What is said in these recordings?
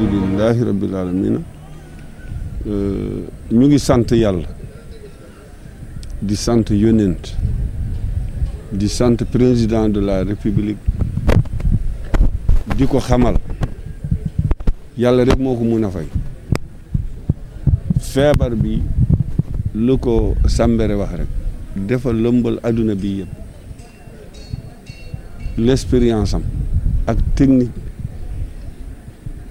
alhamdulilahi rabbil alamina euh, ñu ngi sant yàlla di sant yonent di sant président de la république di ko xamal yàlla rek moo ko mun a fay feebar bi lu ko Sambere wax rek defal lëmbal adduna bi yëpp l' am ak technique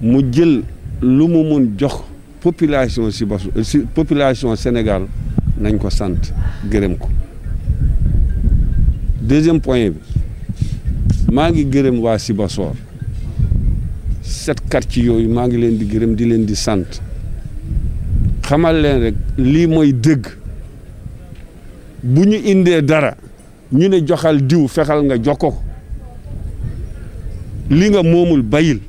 mu jël lu mu mun jox population si si population Sénégal nañ ko sant gërëm ko deuxième point bi maa ngi gërëm waa set sept ci yooyu maa ngi leen di gërëm di leen di sant xamal leen rek lii mooy dëgg bu ñu indee dara ñu ne joxal diw fexal nga jox ko li nga moomul bayil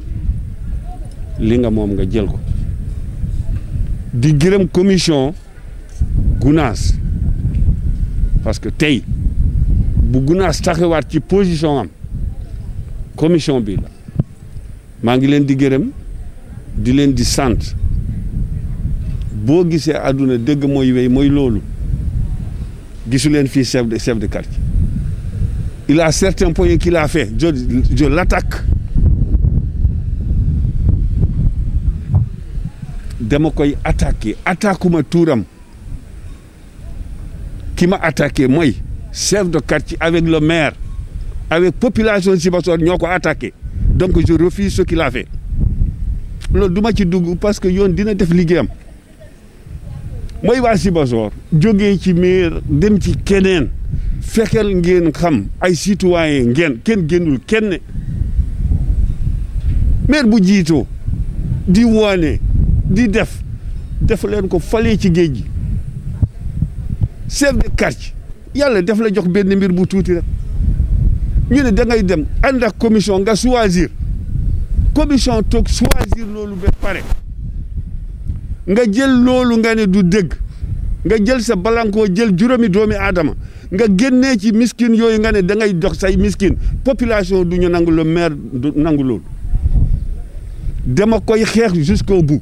li nga nga jël ko di gërem commission gunas parce que tay, bu taxé wat ci position am commission bi la ngi leen di gërem di leen di sant bo gisee aduna deug moy wey moy lolu gisu fi chef de chef de quartier il a certains points qu'il a fait je je l'attaque dama koy attaqué attaquuma tuuram ki ma attaqué mooy chef de quartier avec le maire avec population Sibassor ñoo ko attaqué donc je refuse ce qu'il a fait loolu du ci dugg parce que yoon dina def liggéeyam moy waa Sibassor jógee ci maire dem ci keneen fexeel ngeen xam ay citoyen ngeen kenn génnul kenn maire bu jiitoo di woone di def def leen ko falé ci géej gi chef de quartier yalla def la jox benn mbir bu tuuti rek ñu ne da ngay dem and ak commission nga choisir commission tok choisir lolu be pare nga jël lolu nga ne du deug nga jël sa balanko jël juromi domi adam nga genné ci miskin yoy nga ne da ngay dox say miskin population du ñu nangu le maire du nangu loolu dama koy xex jusqu'au bout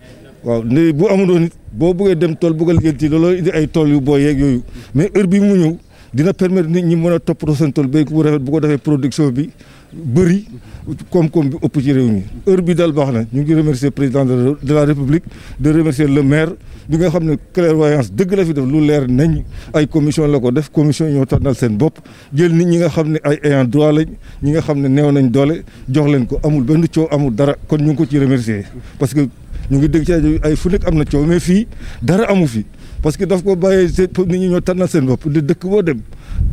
waaw ndey bu amuloon it boo bëggee dem tool bëgg a liggéeyanti looloo indi ay tool yu boo yeeg yooyu mais heure bi mu ñëw dina permettre nit ñi mën a toppatoo seen tool béy bu rafet bu ko defee production bi bëri koom-koom bi ëpp ci réew mi heure bi daal baax na ñu ngi remercier président de la république de remercier le maire bi nga xam ne clairvoyance dëgg la fi def lu leer nañ ay commission la ko def commission ñoo tànnal seen bopp jël nit ñi nga xam ne ay ayant droit lañ ñi nga xam ne neew nañ doole jox ko amul benn coow amul dara kon ñu ngi ko ci remercier parce que ñu ngi dégg ci rajo ay fu nekk am na coow mais fii dara amu fi parce que daf ko bàyyee seen nit ñi ñoo tànnal seen bopp di dëkk boo dem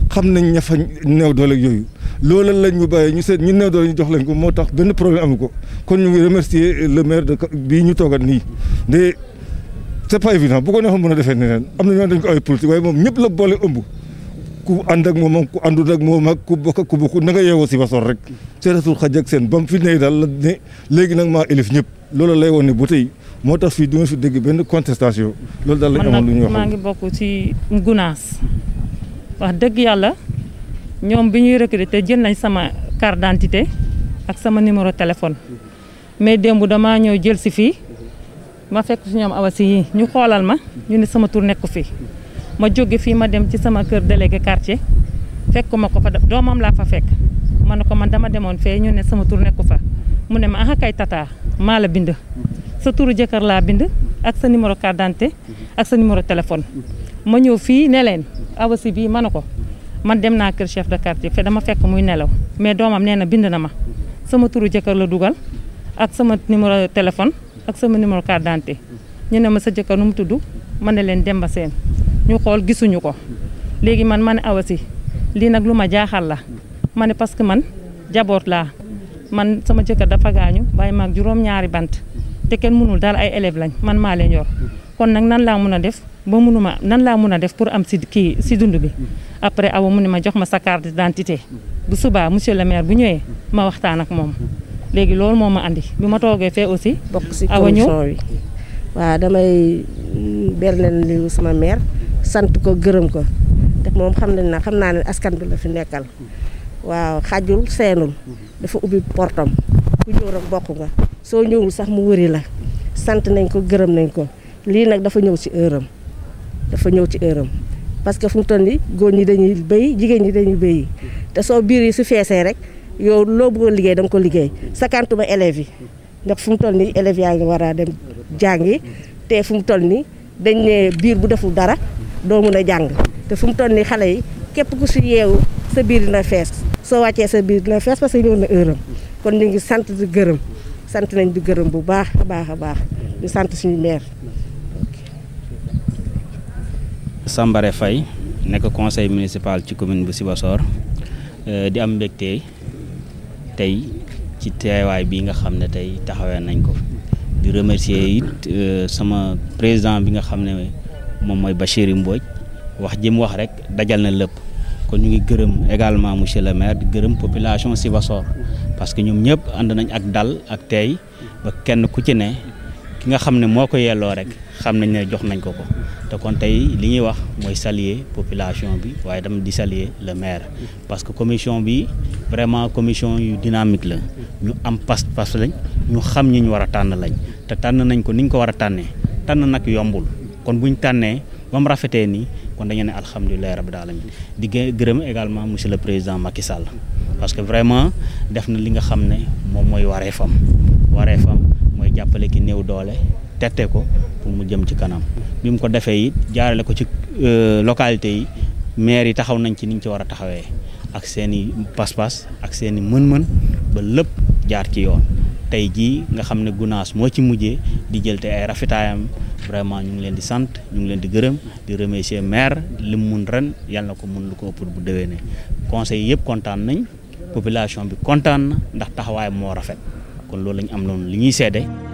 xam nañ ña new néew doole ak yooyu loola lañ ñu bàyyee ñu seet ñu néew doole ñu jox leen ko moo tax benn problème amu ko kon ñu ngi remercier le maire de bii ñu toogat nii de c'est pas évident bu ko neexoon mën a defee neneen am na ñoo dañ ko ay politique waaye moom ñëpp la boole ëmb ku ànd ak moom ak ku àndul ku bokk ku bokkul na nga yeewoo si Sibassor rek seetatul xaj ak seen bam fi ne daal la ne léegi nag maa élif ñëpp loolu lay woon ne bu tey moo tax fii du nga fi dégg benn contestation loolu daal lañ amoon lu ñuy wax maa ngi bokk ci Gunaas wax dëgg yàlla ñoom bi ñuy recruter jël nañ sama carte d'identité ak sama numéro téléphone mais démb damaa ñëw jël si fii ma fekk si ñoom awa yi ñu xoolal ma ñu ne sama tur nekk fii ma jóge fii ma dem ci sama kër délégué quartier fekkuma ko fa doomam laa fa fekk man ne ko man dama demoon fee ñu ne sama tur nekku fa mu ne ma ah kay tata maa la bind sa tur jëkkër laa bind ak sa numéro carte d'identité ak numéro téléphone ma ñëw fii ne leen awasi bii ma ne ko man dem naa kër chef de quartier fe dama fekk muy nelaw mais doomam nee na bind na ma sama turu jëkkër la dugal ak sama numéro téléphone ak sama numéro carte d'identité ñu ne ma sa jëkkër nu mu tudd ma ne leen Demba Sène ñu xol gisunu ko legi man man awasi li nak luma jaaxal la mané parce man jabort la man sama jëkkër dafa gañu bàyyi mak juróom-ñaari bant té kenn mënul dal ay élève lañ man ma leen yor kon nak nan la mëna def ba mënuma nan la mëna def pour am ci ki ci dund bi après awa mënima ma jox ma sa carte d'identité bu suba monsieur le maire bu ñëwé ma waxtaan ak mom légui lool moma andi bi ma toogee fee aussi. bok ci awa ñëw damay mm, berlen li sama mère sant ko gërëm ko te moom xam nañ na xam naa ne askan bi la fi nekkal waaw xajul seenul dafa ubbi portam ku ñëw rek bokk nga soo ñëwul sax mu wëri la sant nañ ko gërëm nañ ko lii nag dafa ñëw si heure am dafa ñëw ci heure am parce que fu mu toll nii góor ñi dañuy béy jigéen ñi dañuy béy te soo biir yi su feesee rek yow loo bëggoon liggéey da ko liggéey sakantuma élèves yi ndax fu mu toll nii élèves yaa ngi war a dem jàngi te fu mu toll nii dañ ne biir bu deful dara doo mun a jàng te fu mu toll nii xale yi képp ku si yeewu sa biir dina fees soo wàccee sa biir dina fees parce que ñëw na heure kon ñu ngi sant di gërëm sant nañ di gërëm bu baax a baax a baax ñu sant suñu maire. Sambare Fay nekk conseil municipal ci commune bu Sibassor euh, di am mbégte tey ci teewaay bi nga xam ne tey taxawee nañ ko di remercier it euh, sama président bi nga xam ne. moom mooy Bachir Mbodj wax ji wax rek dajal na lépp kon ñu ngi gërëm également monsieur le maire di gërëm population Sibassor parce que ñoom ñëpp ànd nañ ak dal ak tey ba kenn ku ci ne ki nga xam ne moo ko yelloo rek xam nañ ne jox nañ ko ko te kon tey li ñuy wax mooy saluer population bi waaye dama di saluer le maire parce que commission bi vraiment commission yu dynamique la ñu am pas-pas lañ ñu xam ñi ñu war a tànn lañ te tànn nañ ko ni ñu ko war a tànnee tànn nag yombul. kon bu ñu tànnee ba mu rafetee nii kon dañu ne alhamdulilah rabbil alamin di gërëm également monsieur le président Macky Sall parce que vraiment def na li nga xam ne moom mooy waree wareefam mooy jàppale ki néew doole tette ko pour mu jëm ci kanam bi mu ko defee it jaarale ko ci euh, localité yi maire yi taxaw nañ ci niñ ci war a taxawee ak seen i pas ak seen i mën-mën ba lépp jaar ci yoon tey jii nga xam ne gunaas moo ci mujjee di jël te ay rafetaayam vraiment ñu ngi leen di sant ñu ngi leen di gërëm di remercier maire li mu mun ren yàlla na ko mun lu ko ëpp bu déwénee conseil yëpp kontaan nañ population bi kontaan na ndax taxawaay moo rafet kon loolu lañ am loolu li ñuy seede